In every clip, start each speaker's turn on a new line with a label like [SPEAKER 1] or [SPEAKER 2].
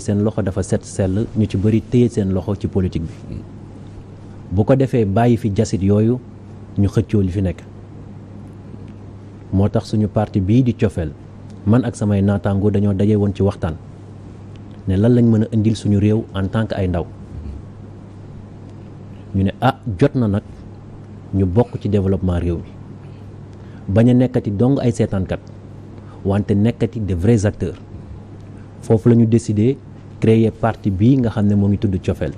[SPEAKER 1] seen loxo dafa set sell ñu ci bëri téye seen loxo ci politique bi bu ko defee bàyyi fi jasit yooyu ñu xëccoo li fi nekk moo tax suñu parti bii di cofeel man ak samay naataango dañoo daje woon ci waxtaan ne lan lañ mën a indil suñu réew en tant que ay ndaw ñu ne ah jot na nag ñu bokk ci développement réew mi bañ a nekkati dong ay seetaankat wante nekkati de vrais acteurs foofu la ñu décidé créer parti bii nga xam ne moo ngi tudd cofeel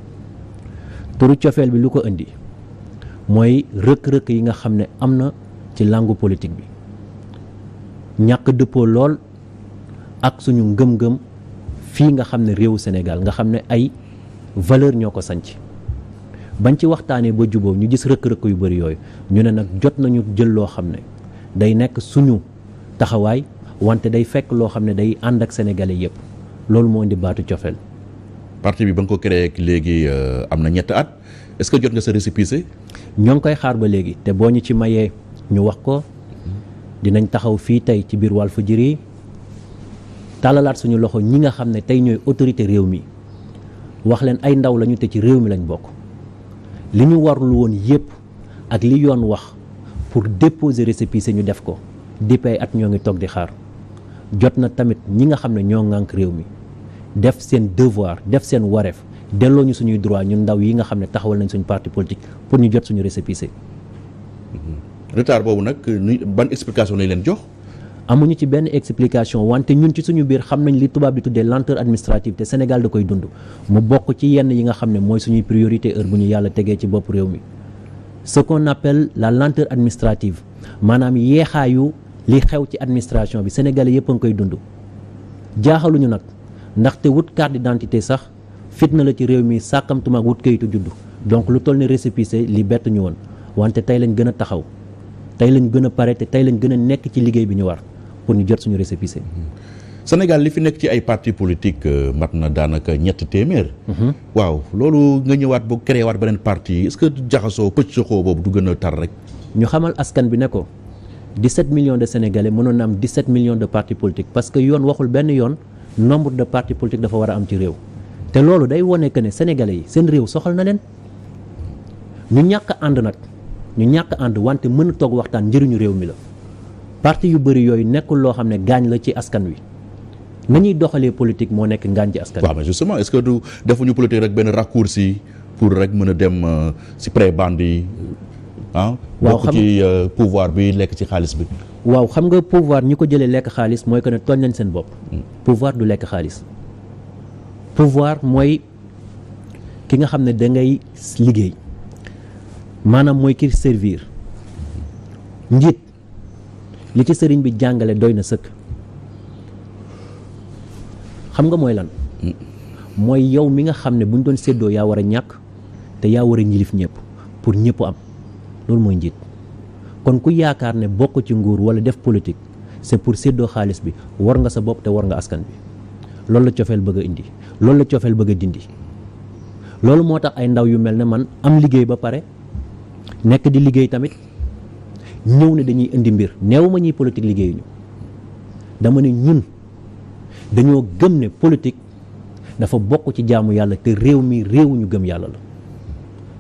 [SPEAKER 1] turu cofeel bi lu ko indi mooy rëkk-rëkk yi nga xam ne am na ci langue politique bi ñàkk dëppoo lool ak suñu ngëm-ngëm fii nga xam ne réewu senegal nga xam ne ay valeur ñoo ko sanc bañ ci waxtaanee ba juboo ñu gis rëkk-rëkk yu bari yooyu ñu ne nag jot nañu jël loo xam ne day nekk suñu taxawaay wante day fekk loo xam ne day ànd ak sénégalais yépp loolu moo di baatu cofeel
[SPEAKER 2] parti bi ba nga ko créé léegi euh, am na ñett at est que jot nga sa récépissé
[SPEAKER 1] ñoo ngi koy xaar ba léegi te boo ñu ci mayee ñu wax ko dinañ taxaw fii tey ci biir Walfadjri tàllalaat suñu loxo ñi nga xam ne tey ñooy autorité réew mi wax leen ay ndaw lañu te ci réew mi lañ bokk li ñu warul woon yépp ak li yoon wax pour déposer récépissé ñu def ko dippay at ñoo ngi toog di xaar jot na tamit ñi nga xam ne ñoo ŋànk réew mi def seen devoir def seen wareef delloo ñu suñuy droit ñun ndaw yi nga xam ne taxawal nañ suñu parti politique pour ñu jot suñu récépissé. Mm-hmm. retard boobu nag ban explication lañ leen jox. amuñu ci benn explication wante ñun ci suñu biir xam nañ li tubaab di tuddee lenteur administrative te Sénégal da koy dund mu bokk ci yenn yi nga xam ne mooy suñuy priorité heure bu ñu yàlla tegee ci bopp réew mi ce qu'on la lenteur administrative maanaam yeexaayu li xew ci administration bi sénégalais yëpp a ngi koy dund jaaxaluñu nag. ndaxte wut carte d'identité sax fitna la ci réew mi sàkkamtuma ak wut kayitu juddu donc lu toll ni récépissé li bett ñu woon wante tey lañ gën a taxaw tey lañ gën a pare te tey lañ gën a nekk ci liggéey bi ñu war pour ñu jot suñu récépissé. Sénégal li fi nekk ci ay parti politique euh, mat
[SPEAKER 2] na daanaka ñett téeméer. Mhm. waaw loolu nga ñëwaat ba créé waat beneen parti est-ce que jaxasoo
[SPEAKER 1] pëcc boobu du gën a tar rek. ñu xamal askan bi ne ko 17 millions de sénégalais mënoon na am 17 millions de partis politiques benn yoon. nombre de parti politiques dafa war a am ci réew te loolu day wone que ne sénégalais yi seen réew soxal na leen ñu ñàkk ànd nag ñu ñàkk ànd wante mën a toog waxtaan njëriñu réew mi la parti yu bari yooyu nekkul loo xam ne gaañ la ci askan wi nañuy doxalee politique moo nekk ngaañ ci askan wi.
[SPEAKER 2] waaw mais justement est-ce que du defuñu politique rek benn raccourci pour rek mën a dem si euh, pré-bande yi ah waaw euh, pouvoir bi lekk ci xaalis bi waaw
[SPEAKER 1] xam nga pouvoir ñi ko jëlee lekk xaalis mooy que ne tooñ nañ seen bopp hmm. pouvoir du lekk xaalis pouvoir mooy ki nga xam ne da ngay liggéey maanaam mooy ki servir njiit li ci sëriñ bi jàngale doy na sëkk xam nga mooy lan hmm. mooy yow mi nga xam ne bu ñu doon séddoo yaa war a ñàkk te yaa war a ñilif ñëpp pour ñëpp am loolu mooy njiit kon ku yaakaar ne bokk ci nguur wala def politique c'est pour séddoo xaalis bi war nga sa bopp te war nga askan bi loolu la cofeel bëgg a indi loolu la cofeel bëgg a dindi loolu moo tax ay ndaw yu mel ne man am liggéey ba pare nekk di liggéey tamit ñëw ne dañuy indi mbir neew ma ñuy politique liggéeyuñu dama ne ñun dañoo gëm ne politique dafa bokk ci jaamu yàlla te réew mii réew ñu gëm yàlla la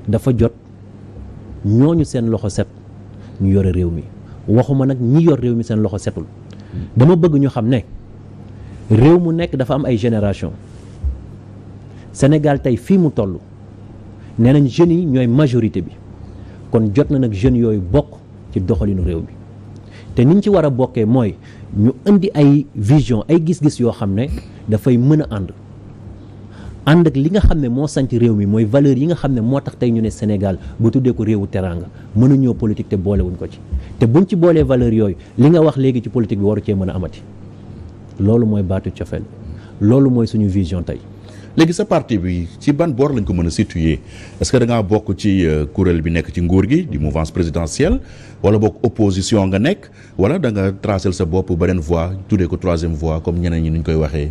[SPEAKER 1] dafa jot ñooñu seen loxo set ñu yore réew mi waxuma nag ñi yor réew mi seen loxo setul dama bëgg ñu xam ne réew mu nekk dafa am ay génération Sénégal tey fii mu toll nee nañ jeunes yi ñooy majorité bi kon jot na nag jeunes yooyu bokk ci doxalinu réew mi te niñ ci war a bokkee mooy ñu indi ay vision ay gis-gis yoo xam ne dafay mën a ànd ànd ak li nga xam ne moo santi réew mi mooy valeur yi nga xam ne moo tax tey ñu ne Sénégal bu tuddee ko réewu teraanga mënuñoo politique te boolewuñ ko ci te buñ ci boolee valeur yooyu li nga wax léegi ci politique bi waru cee mën a amati loolu mooy baatu cofeel loolu mooy suñu vision tey.
[SPEAKER 2] léegi sa parti bi ci ban boor lañ ko mën a situer est-ce que da ngaa bokk ci euh, kuréel bi nekk ci nguur gi di mouvance présidentielle wala bokk opposition nga nekk wala da nga tracer sa bopp beneen voie tuddee ko troisième voie comme ñeneen ñi ni ñu koy waxee.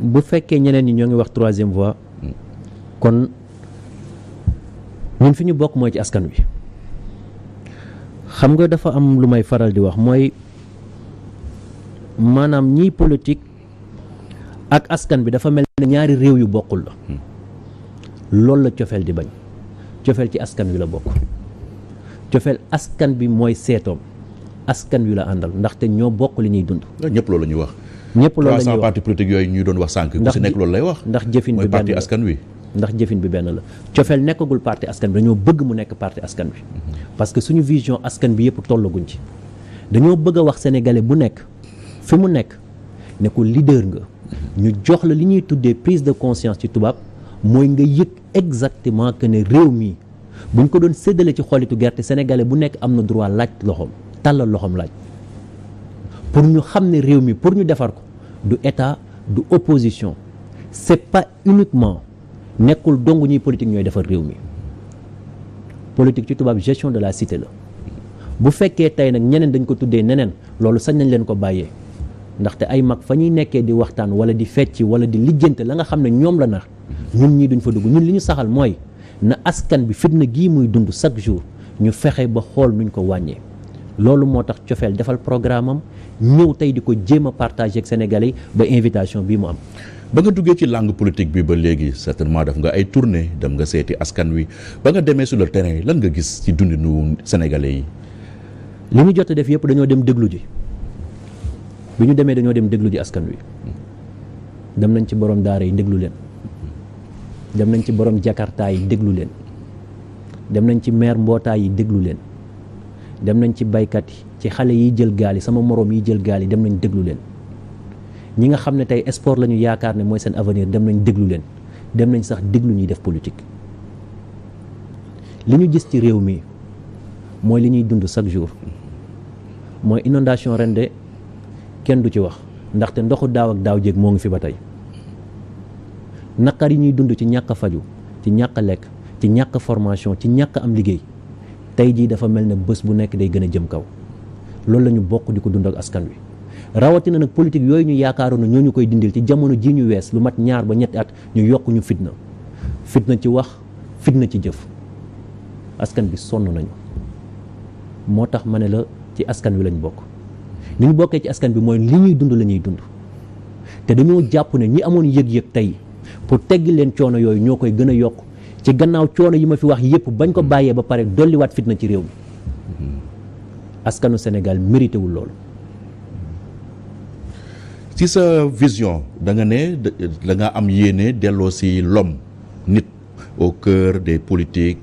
[SPEAKER 1] bu fekkee ñeneen ñi ñoo ngi wax troisième voie kon ñun fi ñu bokk mooy ci askan wi xam nga dafa am lu may faral di wax mooy maanaam ñiy politique ak askan bi dafa mel ne ñaari réew yu bokkul la loolu la cofeel di bañ cofeel ci askan wi la bokk cofeel askan bi mooy seetoom askan wi la àndal ndaxte ñoo bokk li ñuy dund. ñëpp loolu la wax. ñëpp loolu la ñuy wax yooyu ñuy doon wax sànq. ndax ku si nekk lay wax. ndax jëfin bi benn mooy parti askan wi. ndax jëfin bi benn la cofeel nekkagul parti askan bi dañoo bëgg mu nekk parti askan wi. Mhm. parce que suñu vision askan bi yëpp tollaguñ ci. dañoo bëgg a wax sénégalais bu nekk fi mu nekk ne ko leader nga. ñu jox la li ñuy tuddee prise de conscience ci tubaab mooy nga yëg exactement que ne réew mi buñ ko doon séddale ci xolitu gerte sénégalais bu nekk am na droit laaj loxoom tàllal loxoom laaj. pour ñu xam ne réew mi pour ñu defar ko du état du opposition c'est pas uniquement nekkul dong ñuy politique ñooy defar réew mi politique ci tubaab gestion de la cité la bu fekkee tey nag ñeneen dañ ko tuddee neneen loolu sañ nañ leen ko bàyyee ndaxte ay mag fa ñuy nekkee di waxtaan wala di fecc wala di lijjante la nga xam ne ñoom la na ñun ñii duñ fa dugg ñun li ñu saxal mooy na askan bi fitna gii muy dund chaque jour ñu fexe ba xool nuñ ko wàññee loolu moo tax cofeel defal programme am ñëw tey di ko jéem a partager ak sénégalais ba invitation bii mu am. ba nga
[SPEAKER 2] duggee ci langue politique bi ba léegi certainement def nga ay tournée dem nga seeti askan wi ba nga demee sur le terrain lan nga gis ci nu sénégalais yi. li ñu jot a def yëpp dañoo dem déglu ji
[SPEAKER 1] bi ñu demee dañoo dem déglu ji askan wi dem nañ ci borom daara yi déglu leen dem nañ ci borom jakarta yi déglu leen dem nañ ci maire mbootaay yi déglu leen dem nañ ci baykat yi. ci xale yi jël gaal yi sama moroom yi jël gaal yi dem nañ déglu leen ñi nga xam ne tey sport la ñu yaakaar ne mooy seen avenir dem nañ déglu leen dem nañ sax déglu ñuy def politique li ñu gis ci réew mi mooy li ñuy dund chaque jour mooy inondation ren de kenn du ci wax ndaxte ndoxu daaw ak daaw jéeg moo ngi fi ba tey naqar yi ñuy dund ci ñàkk a faju ci ñàkk lekk ci ñàkk formation ci ñàkk am liggéey tey jii dafa mel ne bés bu nekk day gën a jëm kaw loolu la ñu bokk di ko dund ak askan wi rawatina nag politique yooyu ñu yaakaaroon na ñoo ñu koy dindil ci jamono ji ñu wees lu mat ñaar ba ñetti at ñu yokk ñu fitna fitna ci wax fitna ci jëf askan bi sonn nañu moo tax ma ne la ci askan wi lañ bokk ni ñu bokkee ci askan bi mooy li ñuy dund la ñuy dund te dañoo jàpp ne ñi amoon yëg-yëg tey pour teggi leen coono yooyu ñoo koy gën a yokk ci gannaaw coono yi ma fi wax yépp bañ ko bàyyee ba pare dolliwaat fitna ci réew mi askanu Sénégal mérité wul loolu. ci sa vision da nga ne da nga
[SPEAKER 2] am yéene delloo si lom nit au cœur des politiques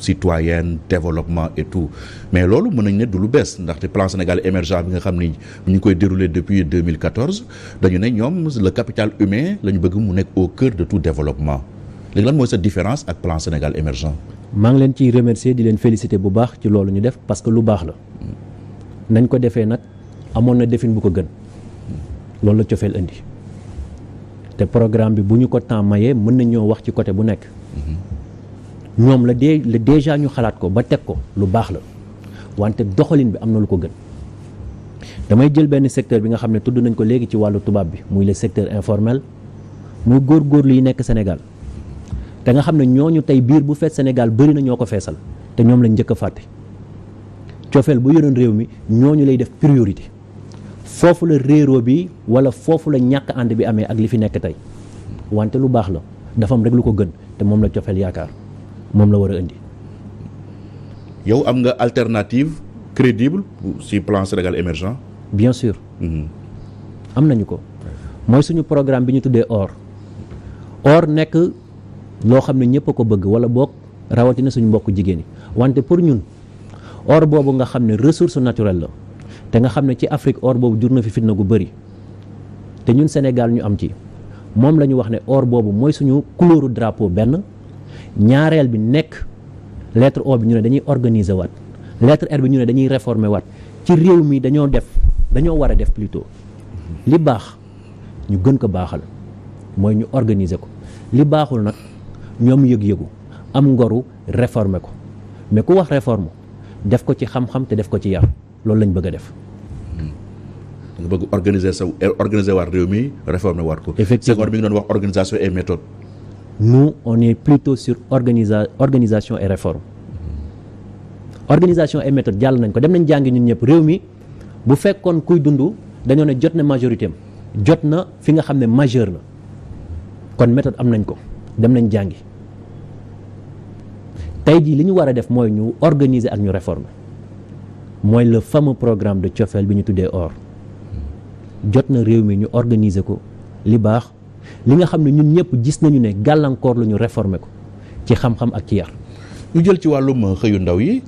[SPEAKER 2] citoyennes développement et tout mais loolu mën nañ ne du lu bees ndaxte plan Sénégal émergent bi nga xam ni ñu ngi koy dérouler depuis 2014 dañu ne ñoom le capital humain la ñu bëgg mu nekk au cœur de tout développement léegi lan mooy sa différence ak plan Sénégal émergent
[SPEAKER 1] maa ngi leen ciy remercier di leen féliciter bu baax ci loolu ñu def parce que lu baax la nañ ko defee nag amoon na defin bu ko gën loolu la cofeel indi te programme bi bu ñu ko temps mayee mën nañoo wax ci côté bu nekk ñoom la dee la déjà ñu xalaat ko ba teg ko lu baax la wante doxalin bi am na lu ko gën damay jël benn secteur bi nga xam ne tudd nañ ko léegi ci wàllu tubaab bi muy le secteur informel muy góorgóorlu yi nekk Sénégal te nga xam ne ñooñu tey biir bu feet Sénégal bëri na ñoo ko feesal te ñoom lañ njëkk a fàtte cofeel bu yoroon réew mi ñooñu lay def priorité foofu la réeroo bi wala foofu la ñàkk ànd bi amee ak li fi nekk tey wante lu baax la dafa am lu ko gën te moom la cofeel yaakaar moom la war a indi.
[SPEAKER 2] yow am nga alternative crédible si plan Sénégal émergent.
[SPEAKER 1] bien sûr. Mhm. am nañu ko. mooy suñu programme bi ñu tuddee OR. OR nekk. loo xam ne ñëpp a ko bëgg wala boog rawatina suñu mbokk jigéen yi wante pour ñun or boobu nga xam ne ressource naturelle la te nga xam ne ci Afrique or boobu jur na fi fitna gu bari te ñun Sénégal ñu am ci moom la ñu wax ne or boobu mooy suñu couleur drapeau benn ñaareel bi nekk lettre O bi ñu ne dañuy organiser waat lettre R bi ñu ne dañuy réformer waat ci réew mii dañoo def dañoo war a def plutôt li baax ñu gën ko baaxal mooy ñu organiser ko li baaxul nag. ñoom yëg-yëgu am ngoru réformer ko mais ku wax réforme def ko ci xam-xam te def ko ci yar loolu lañ bëgg a def. Hmm.
[SPEAKER 2] nga bëgg organiser sa organiser waat réew mi réformer waat ko. effectivement Senghor mi ngi doon wax
[SPEAKER 1] organisation et méthode. nous on est plutôt sur organisa organisation et réforme organisation et méthode jàll nañ ko dem nañ jàngi ñun ñëpp réew mi bu fekkoon kuy dund dañoo ne jot na majorité jot na fi nga xam ne majeur na kon méthode am nañ ko dem nañ jàngi tey jii li ñu war a def mooy ñu organiser ak ñu réformer mooy le fameux programme de cofeel bi ñu tuddee or jot na réew mi ñu organiser ko li baax li nga xam ne ñun ñëpp gis nañu ne gàllankoor la ñu réformer ko ci xam-xam ak ci yar. ñu jël ci
[SPEAKER 2] wàllum xëyu ndaw yi.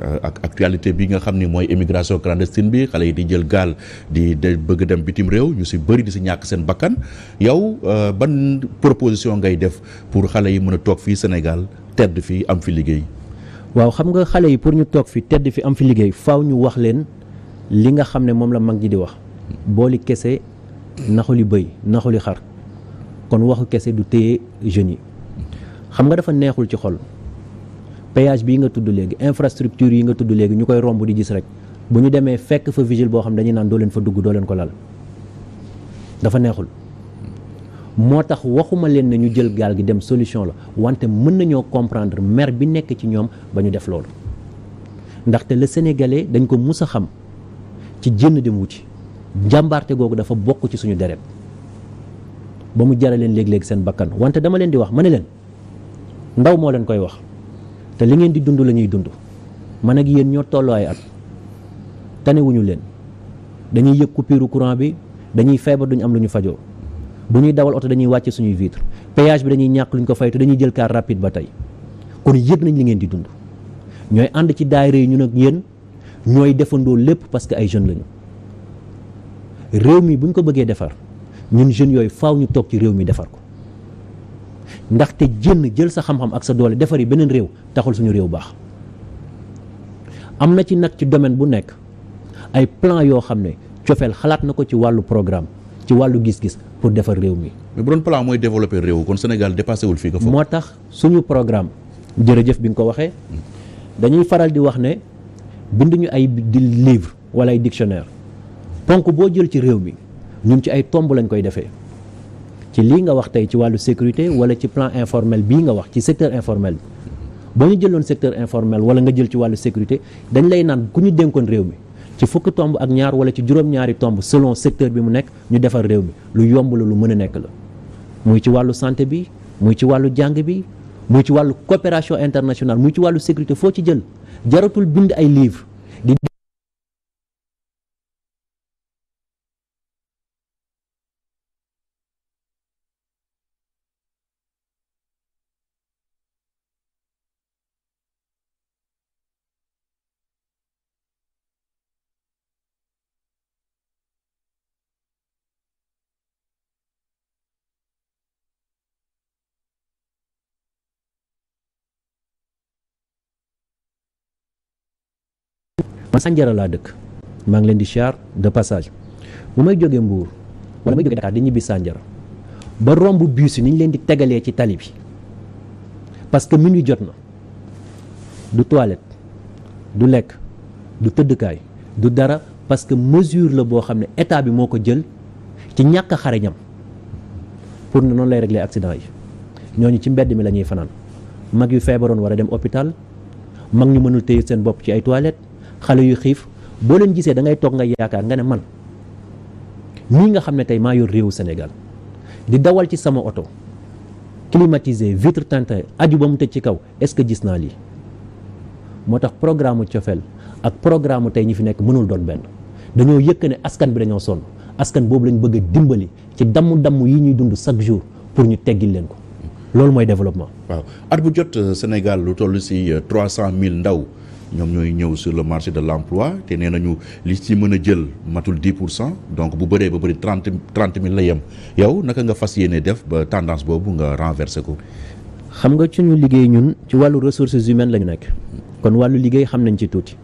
[SPEAKER 2] Euh, ak actualité bi nga xam ni mooy émigration clandestine bi xale yi di jël gaal di bëgg dem bitim réew ñu si bëri di si ñàkk seen bakkan yow euh, ban proposition ngay def pour xale yi mën a toog fii Sénégal tedd fii am fi liggéey.
[SPEAKER 1] waaw xam nga xale yi pour ñu toog fi tedd fi am fi liggéey faw ñu wax leen li nga xam ne moom la mag ñi di wax. booli kese naxuli bëy naxuli xar kon waxu kese du téye jeunes yi xam nga dafa neexul ci xol. péage bii nga tudd léegi infrastructure yi nga tudd léegi ñu koy romb di gis rek bu ñu demee fekk fa vigile boo xam dañuy naan doo leen fa dugg doo leen ko lal dafa neexul moo tax waxuma leen na ñu jël gaal gi dem solution la wante mën nañoo comprendre mer bi nekk ci ñoom ba ñu def loolu ndaxte la sénégalais dañ ko mus a xam ci jënn dem wuti jàmbaarte googu dafa bokk ci suñu deret ba mu jaraleen léeg-léeg seen bakkan wante dama leen di wax ma ne leen ndaw moo leen koy wax te li ngeen di dund la ñuy dund man ak yéen ñoo tolloo ay at tanewuñu leen dañuy yëg coupure courant bi dañuy feebar duñu am lu ñu fajoo bu ñuy dawal oto dañuy wàcce suñuy vitre péage bi dañuy ñàkk luñ ko fay dañuy jël kaar rapide ba tey kon yëg nañ li ngeen di dund ñooy ànd ci daayira yi ñun ak yéen ñooy defandoo lépp parce que ay jeunes lañu réew mi buñ ko bëggee defar ñun jeunes yooyu faw ñu toog ci réew mi defar ko ndaxte jënn jël sa xam-xam ak sa doole defari beneen réew taxul suñu réew baax am na ci nag ci domaine bu nekk ay plan yoo xam ne cofeel xalaat na ko ci wàllu programme ci wàllu gis-gis pour defar réew mi. bu doon plan mooy développer
[SPEAKER 2] réew kon Sénégal dépassé wul fii nga
[SPEAKER 1] moo tax suñu programme jërëjëf bi nga ko waxee dañuy faral di wax ne binduñu ay di livre wala ay dictionnaire ponk boo jël ci réew mi ñun ci ay tomb lañu koy defee. ci lii nga wax tey ci wàllu sécurité wala ci plan informel bii nga wax ci secteur informel bi boo ñu jëloon secteur informel wala nga jël ci wàllu sécurité dañ lay naan ku ñu dénkoon réew mi ci fukk tomb ak ñaar wala ci juróom-ñaari tomb selon secteur bi mu nekk ñu defar réew mi lu yomb la lu mën a nekk la muy ci wàllu santé bi muy ci wàllu jàng bi muy ci wàllu coopération internationale muy ci wàllu sécurité foo ci jël jaratul bind ay livre man Sandiara laa dëkk maa ngi leen di char de passage bu may jógee Mbour wala may jógee Dakar di ñibbi sànjara ba romb bus yi ni ñu leen di tegalee ci tali bi parce que minuit jot na du toilette du lekk du tëddkaay du dara parce que mesure la boo xam ne état bi moo ko jël ci ñàkk xareñam pour ne noonu lay régler accident yi ñooñu ci mbedd mi la ñuy fanaan mag yu feebaroon war a dem hôpital mag ñu mënul téye seen bopp ci ay toilettes. xale yu xiif boo leen gisee da ngay toog nga yaakaar nga ne man mii nga xam ne tey maa yor réewu Sénégal di dawal ci sama oto climatisé vitre teintée aju ba mu tëj ci kaw est-ce que gis naa lii moo tax programme mu cofeel ak programme tey ñi fi nekk mënul doon benn dañoo yëkk ne askan bi dañoo sonn askan boobu lañ bëgg dimbali ci damm-damm yi ñuy dund chaque jour pour ñu teggin leen ko loolu mooy développement.
[SPEAKER 2] waaw at bu jot euh, Sénégal lu toll si 300000 euh, ndaw. ñoom ñooy ñëw sur le marché de l'emploi te nee nañu li ci mën a jël matul 10 pour cent donc bu bëree ba bëri 30 30 000 la yem yow naka nga fas yéene def ba tendance
[SPEAKER 1] boobu nga renverser ko. xam nga ci ñu liggéey ñun ci wàllu ressources humaines la ñu nekk kon wàllu liggéey xam nañ ci tuuti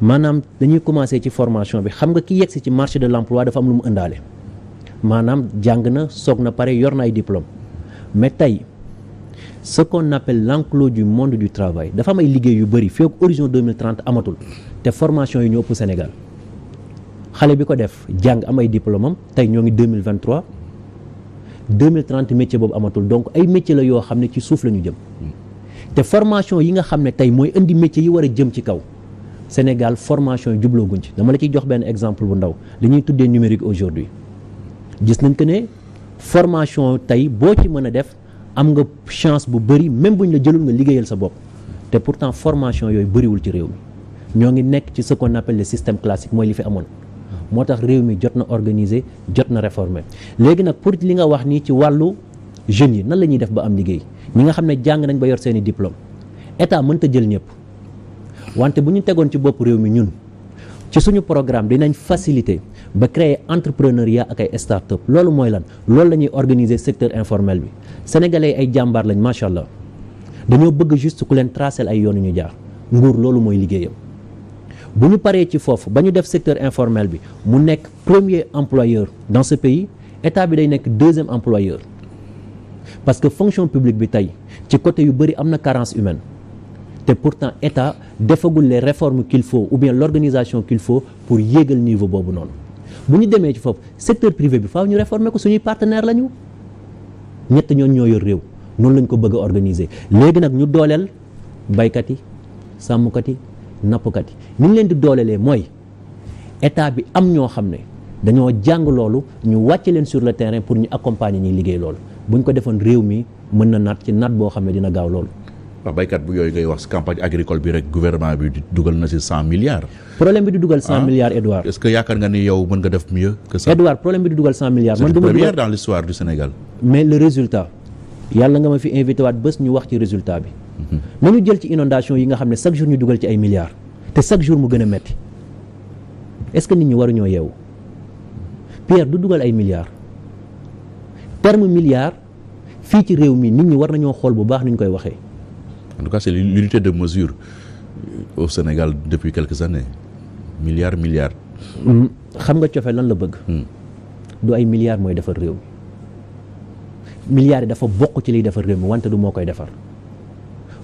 [SPEAKER 1] maanaam dañuy commencer ci formation bi xam nga ki yegsi ci marché de l'emploi dafa am lu mu ëndaale maanaam jàng na soog na pare yor na ay diplôme mais tey ce qu'on appelle l'enclos du monde du travail dafa amay liggéey yu bëri fii ak horizon 2030 amatul te formation yi ñoo ëpp Sénégal xale bi ko def jàng am ay diplôme tey ñoo ngi 2023 2030 métier boobu amatul donc ay métier la yoo xam ne ci suuf la ñu jëm te formation yi nga xam ne tey mooy indi métier yi war a jëm ci kaw Sénégal formation yi jublooguñ ci dama la ciy jox benn exemple bu ndaw li ñuy tuddee numérique aujourd'hui gis nañ ko ne formation tey boo ci mën a def am nga chance bu bëri même bu ñu la jëlul nga liggéeyal sa bopp te pourtant formation yooyu bëriwul ci réew mi ñoo ngi nekk ci sa ko appelle système classique mooy li fi amoon moo tax réew mi jot na organiser jot na réformer léegi nag pour li nga wax nii ci wàllu jeunes yi nan la ñuy def ba am liggéey ñi nga xam ne jàng nañ ba yor seeni diplôme état mënta jël ñëpp wante bu ñu tegoon ci bopp réew mi ñun ci suñu programme dinañ faciliter ba créer entrepreneuriat ak ay start loolu mooy lan loolu la ñuy organiser secteur informel bi sénégalais ay jàmbaar lañ macha allah dañoo bëgg juste ku leen tracel ay yoon yu ñu jaar nguur loolu mooy liggéeyam. bu ñu paree ci foofu ba ñu def secteur informel bi mu nekk premier employeur dans ce pays état bi day nekk deuxième employeur parce que fonction publique bi tey ci côté yu bëri am na carence humaine te pourtant état defagul les reforme qu'il faut ou bien l'organisation qu'il faut pour yéegal niveau boobu noonu bu ñu demee ci foofu secteur privé bi ñu ñett ñoon ñoo yor réew noonu lañ ko bëgg a organiser léegi nag ñu dooleel baykat yi sàmmkat yi nappkat yi ni leen di doolelee mooy état bi am ñoo xam ne dañoo jàng loolu ñu wàcce leen sur le terrain pour ñu accompagner ñuy liggéey loolu buñ ko defoon réew mi mën na naat ci naat boo xam ne dina gaaw loolu.
[SPEAKER 2] waaw baykat bu yooyu ngay wax si campagne agricole bi rek gouvernement bi dugal na si cent milliards. problème bi di dugal cent ah. milliards Edouard.
[SPEAKER 1] problème bi mais le résultat yàlla nga ma fi invité waat bés ñu wax ci résultat bi nañu jël ci inondation yi nga xam ne chaque jour ñu dugal ci ay milliards te chaque jour mu gën a metti est-ce que nit ñi waruñoo yeewu Pierre du dugal ay milliards terme milliard fii ci réew mi nit ñi war nañoo xool bu baax ni ñu koy waxee.
[SPEAKER 2] en tout cas c'est l'unité de mesure euh, au Sénégal depuis quelques années milliards milliards.
[SPEAKER 1] Mm, xam nga cofe lan la bëgg. Mm. du ay milliards mooy defar réew mi. milliare yi dafa bokk ci liy defar réew mi wante du moo koy defar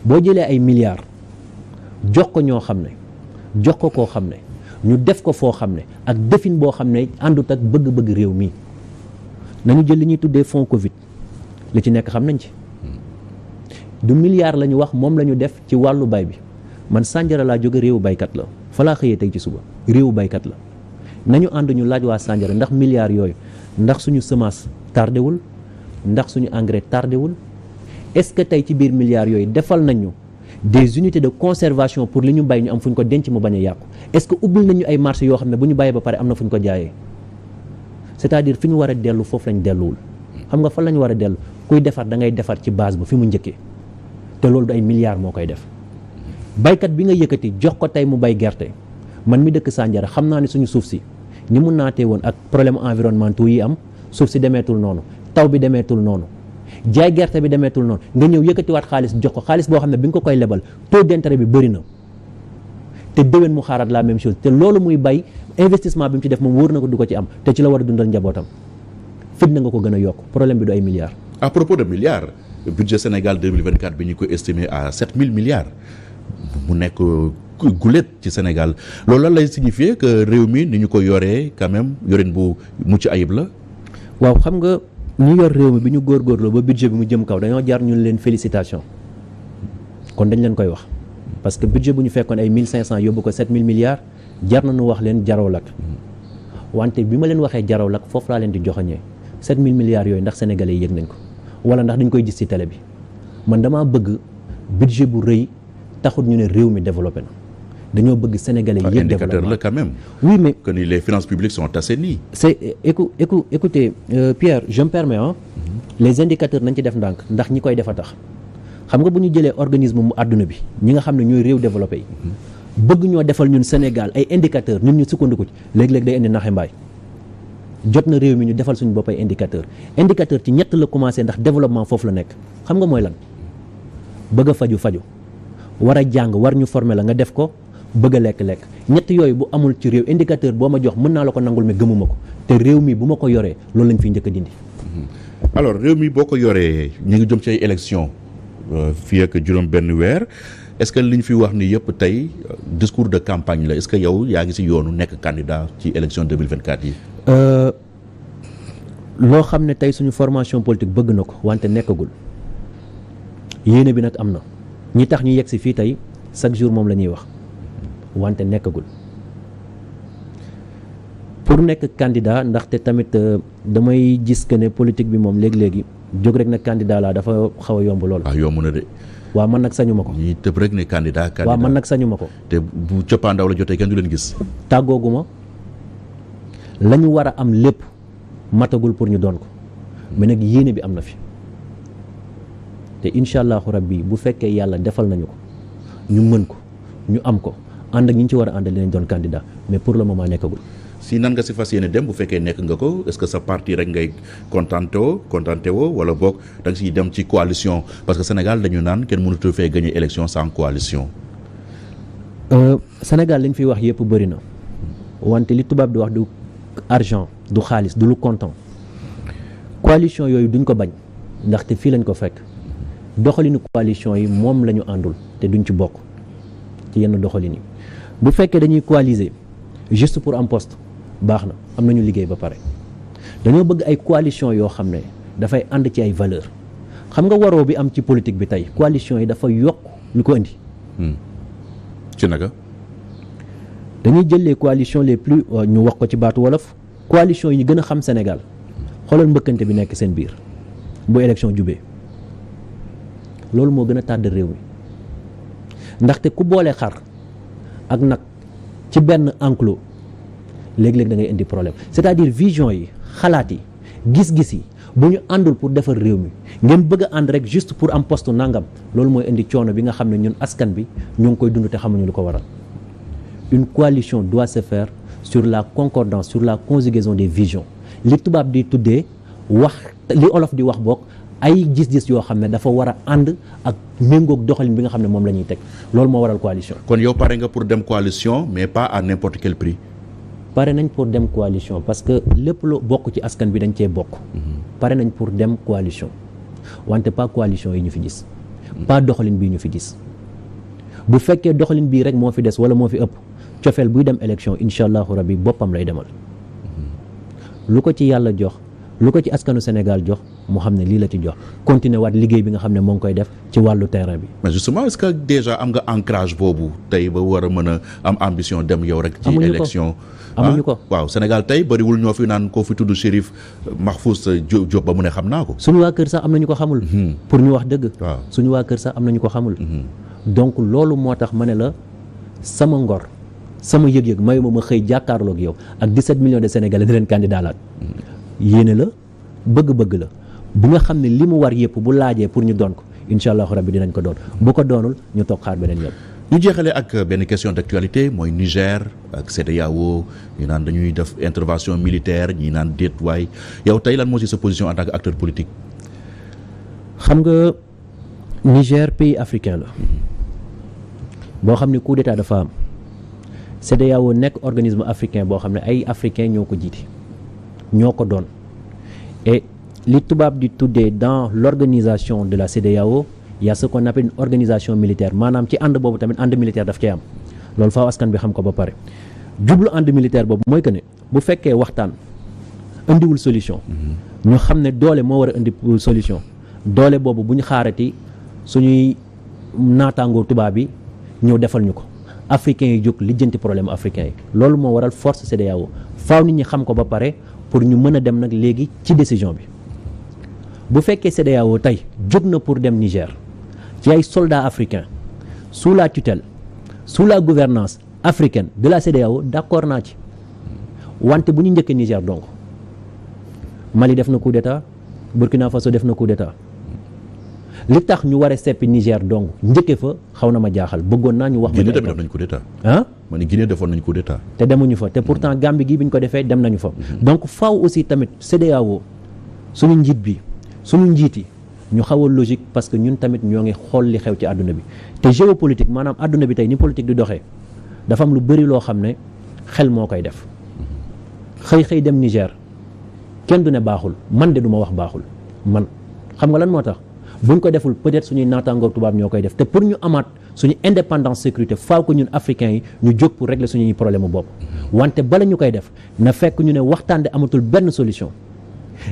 [SPEAKER 1] boo jëlee ay milliards jox ko ñoo xam ne jox ko koo xam ne ñu def ko foo xam ne ak defin boo xam ne àndut ak bëgg-bëgg réew mi nañu jël li ñuy tuddee fonds Covid li ci nekk xam nañ ci du milliard la ñu wax moom la ñu def ci wàllu bay bi man Sandiara laa jóge réewu baykat la falaa xëyee tey ci suba réewu baykat la nañu ànd ñu laaj waa Sandiara ndax milliards yooyu ndax suñu semence tardewul ndax suñu engrais tardé wul est-ce que tey ci biir milliards yooyu defal nañu des unités de conservation pour li ñu bay ñu am fu ñu ko denc mu bañ a yàqu est-ce que ubbil nañu ay marché yoo xam ne bu ñu bàyyee ba pare am na fu ñu ko jaayee c'est-à-dire fi ñu war a dellu foofu lañu delluwul xam nga fan lañu war a dellu kuy defar da ngay defar ci baas ba fi mu njëkkee te loolu du ay milliards moo koy def baykat bi nga yëkkati jox ko tey mu bay gerte man mi dëkk Sandiara xam naa ne suñu suuf si ni mu naatee woon ak problème environnementaux yi am suuf si demeetul noonu taw bi demeetul noonu jaay gerte bi demeetul noonu nga ñëw yëkkatiwaat xaalis jox ko xaalis boo xam ne bi nga ko koy lebal taux d'intérêt bi bëri na te déwén mu xaaraat la même chose te loolu muy bay investissement bi mu ci def moom wóor na ko du ko ci am te ci la war a dundal njabootam fitna nga ko gën a yokk problème bi du ay milliards. à
[SPEAKER 2] propos de milliards budget Sénégal 2024 bi ñu ko estimé à 7000 milliards mu nekk euh, gulet ci Sénégal loolu lan lay signifier que réew mi ni ñu ko yoree
[SPEAKER 1] quand même yorin bu mucc ayib la. ñu yor réew mi bi ñu góorgóorloo ba budget bi mu jëm kaw dañoo jaar ñun leen félicitation kon dañ leen koy wax parce que budget bu ñu fekkoon ay 1500 yóbbu ko 7000 milliards jar na ñu wax leen jaraw lak wante bi ma leen waxee jaraw lak foofu laa leen di joxoñee 7000 milliards yooyu ndax sénégalais yëg nañ ko wala ndax dañ koy gis ci télé bi man damaa bëgg budget bu rëy taxut ñu ne réew mi développé na. dañoo bëgg sénégalais ah, yëpp développement indicateur la quand
[SPEAKER 2] même. les finances publiques
[SPEAKER 1] sont assainies. c' est écou écou écoutez euh, Pierre je me permets ah. indicateurs nañ ci def ndànk ndax ñi koy defa tax xam nga bu ñu jëlee organisme mu àdduna bi ñi nga xam ne ñooy réew développé yi. Mhm. bëgg ñoo defal ñun Sénégal ay indicateurs ñun ñu sukkandiku ci léegi léeg day indi naxe mbaay jot na réew mi ñu defal suñu bopp ay indicateur indicateur ci ñett la commencé ndax développement foofu la nekk xam nga mooy lan bëgg faju faju war a jàng war ñu former la nga def ko bëgg a lekk-lekk ñett yooyu bu amul ci réew indicateur boo ma jox mën naa la ko nangul mais gëmuma ko te réew mi bu ma ko yoree loolu lañ fi njëkk a dindi. Mhm.
[SPEAKER 2] alors réew mi boo ko yoree ñu ngi jëm ci ay élections euh, fii juróom-benn weer est-ce que li ñu fi wax ni yëpp tey euh, discours de campagne la est que yow yaa ngi si yoonu nekk candidat ci élection 2024 yi.
[SPEAKER 1] Euh, loo xam ne tey suñu formation politique bëgg na ko wante nekkagul yéene bi nag am na ñi tax ñu yegg si fii tey chaque jour moom la ñuy wax. wante nekkagul pour nekk candidat ndaxte tamit euh, damay gis que ne politique bi moom léegi-léegi jóg rek ne candidat laa dafa xaw a yomb lool. waaw ah, yomb na de. waaw man nag sañu ma ko. ñii
[SPEAKER 2] tëb rek ne candidat.
[SPEAKER 1] candidat waaw man nag sañu ma ko. te bu cëppaandaw
[SPEAKER 2] la jotee kenn du leen gis.
[SPEAKER 1] tàggoogu ma la ñu war a am lépp matagul pour ñu doon ko mais nag yéene bi am na fi te incha allahu rabbi bu fekkee yàlla defal nañu ko ñu mën ko ñu am ko. ànd ak ñi ci war a àndal leen doon candidat mais pour le moment nekkagul. si nan nga
[SPEAKER 2] si fas yéene dem bu fekkee nekk nga ko est-ce que sa parti rek ngay contenté woo contenté woo wala boog da dem ci coalition parce que Sénégal dañu naan kenn mënatu fee gagner élection sans coalition.
[SPEAKER 1] Euh, Sénégal li ñu fiy wax yëpp bëri na wante li tubaab di wax du argent du xaalis du lu comptant coalition yooyu duñ ko bañ ndaxte fii lañ ko fekk doxalinu coalition yi moom la ñu àndul te duñ ci bokk ci yenn doxalin bu fekkee dañuy coaliser juste pour am poste baax na am nañu liggéey ba pare dañoo bëgg ay coalition yoo xam ne dafay ànd ci ay valeur xam nga waroo bi am ci politique bi tey coalition yi dafa yokk lu ko indi hmm. ci naka dañuy jël les coalitions les plus euh, ñu wax ko ci baatu wolof coalition yi gën a xam Sénégal xoolal mbëkkante bi nekk seen biir bu élection jubee loolu moo gën a tàdd réew mi ndaxte ku boole xar ak nag ci benn enclos léeg-léeg da indi problème c'est-à-dire vision yi xalaat yi gis-gis yi bu ñu àndul pour defar réew mi ngeen bëgg a ànd rek juste pour am poste nangam loolu mooy indi coono bi nga xam ne ñun askan bi ñu ngi koy dund te xamuñu lu ko waral une coalition doit se faire sur la concordance sur la conjugaison des visions li tubaab di tuddee wax li olof di wax bokk ay gis-gis yoo xam ne dafa war a ànd ak méngoog doxalin bi nga xam ne moom la ñuy teg loolu moo waral coalition.
[SPEAKER 2] kon yow pare nga pour dem coalition mais pas à n'importe quel prix.
[SPEAKER 1] pare nañ pour dem coalition parce que lépp lu bokk ci askan bi dañ cee bokk. pare nañ pour dem coalition wante pas coalition yi ñu fi gis. pas doxalin bii ñu fi gis. bu fekkee doxalin bii rek moo fi des wala moo fi ëpp cofeel buy dem élection incha allahu bi boppam lay demal. lu ko ci yàlla jox. lu ko ci askanu Sénégal jox mu xam ne lii la ci jox continuer waat liggéey bi nga xam ne moo ngi koy def ci wàllu terrain bi.
[SPEAKER 2] mais justement est que déjà am nga ancrage boobu tey ba war a mën a am ambition dem yow rek. ci élection amuñu ko ah? waaw Sénégal tey bariwul ñoo fi naan koo fi tudd Chérif Mahfouz Diop ba mu ne xam naa ko. suñu waa kër sax am na ñu ko
[SPEAKER 1] xamul. Mhm. pour ñu wax dëgg. waaw suñu waa kër sax am na ñu ko xamul. Mhm. donc loolu moo tax ma ne la sama ngor. sama yëg-yëg mayuma ma xëy jàkkaarloog yow ak 17 millions de sénégalais di leen candidat laat mhm. yéene la bëgg-bëgg la bu nga xam ne li mu war yëpp bu laajee pour ñu doon ko incha allahu rabbi dinañ ko doon bu ko doonul ñu toog xaar beneen yoon. ñu
[SPEAKER 2] jeexalee ak benn question d'actualité mooy Niger ak CEDEAO ñu naan dañuy def intervention militaire ñi naan déet yow tey lan moo si sa position en tant que acteur politique.
[SPEAKER 1] xam nga Niger pays africain la boo xam ne coup d'état dafa am CEDEAO nekk organisme africain boo xam ne ay africain ñoo ko jiite. ñoo ko doon e li tubaab di tuddee dans l'organisation de la CEDEAO il y a ce qu'on appelle une organisation militaire maanaam ci ànd boobu tamit ànd militaire daf ca am loolu faaw askan bi xam ko ba pare jublu ànd militaire boobu mooy que ne bu fekkee waxtaan indiwul solution mm-hmm. ñu xam ne doole moo war a indi solution doole boobu bu ñu xaarati suñuy naataangoo tubaab yi ñëw defal ñu ko africains yi jóg lijjanti problème africains yi loolu moo waral force CEDEAO faaw nit ko ba pour ñu mën a dem nag léegi ci décision bi bu fekkee CEDEAO tey jóg na pour dem Niger ci ay soldats africains sous la tutelle sous la gouvernance africaine de la CEDEAO d'accord naa ci wante bu ñu njëkkee Niger donc Mali def na coup d'état Burkina Faso def na coup d'état li tax ñu war a seppi Niger donc njëkkee fa xaw na ma jaaxal bëggoon naa ñu wax. ma def nañ coup d'état ah. ma ne
[SPEAKER 2] Guinée defoon nañ coup d'état
[SPEAKER 1] te demuñu fa te pourtant Gambie gi bi ñu ko defee dem nañu fa. Mm-hmm. donc faaw aussi tamit CEDEAO suñu njiit bi suñu njiit yi ñu xaw logique parce que ñun tamit ñoo ngi xool li xew ci àdduna bi te géopolitique maanaam àdduna bi tey ni politique di doxee dafa am lu bëri loo xam ne xel moo koy def mm-hmm. xëy xëy dem Niger kenn du ne baaxul man de du ma wax baaxul man xam nga lan moo tax. bu ñu ko deful peut-être suñuy naataangoor tubaab ñoo koy def te pour ñu amaat suñu indépendant sécurité faaw ko ñun africains yi ñu jóg pour régler suñuy problème bopp wante bala ñu koy def na fekk ñu ne waxtaan de amatul benn solution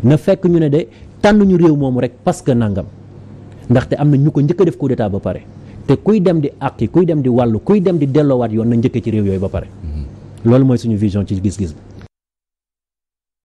[SPEAKER 1] na fekk ñu ne de tànn ñu réew moomu rek parce que nangam ndaxte am na ñu ko njëkk def coup d'état ba pare te kuy dem di àqi kuy dem di wàll kuy dem di delloowaat yoon na njëkkee ci réew yooyu ba pare mm-hmm. loolu mooy suñu vision ci gis-gis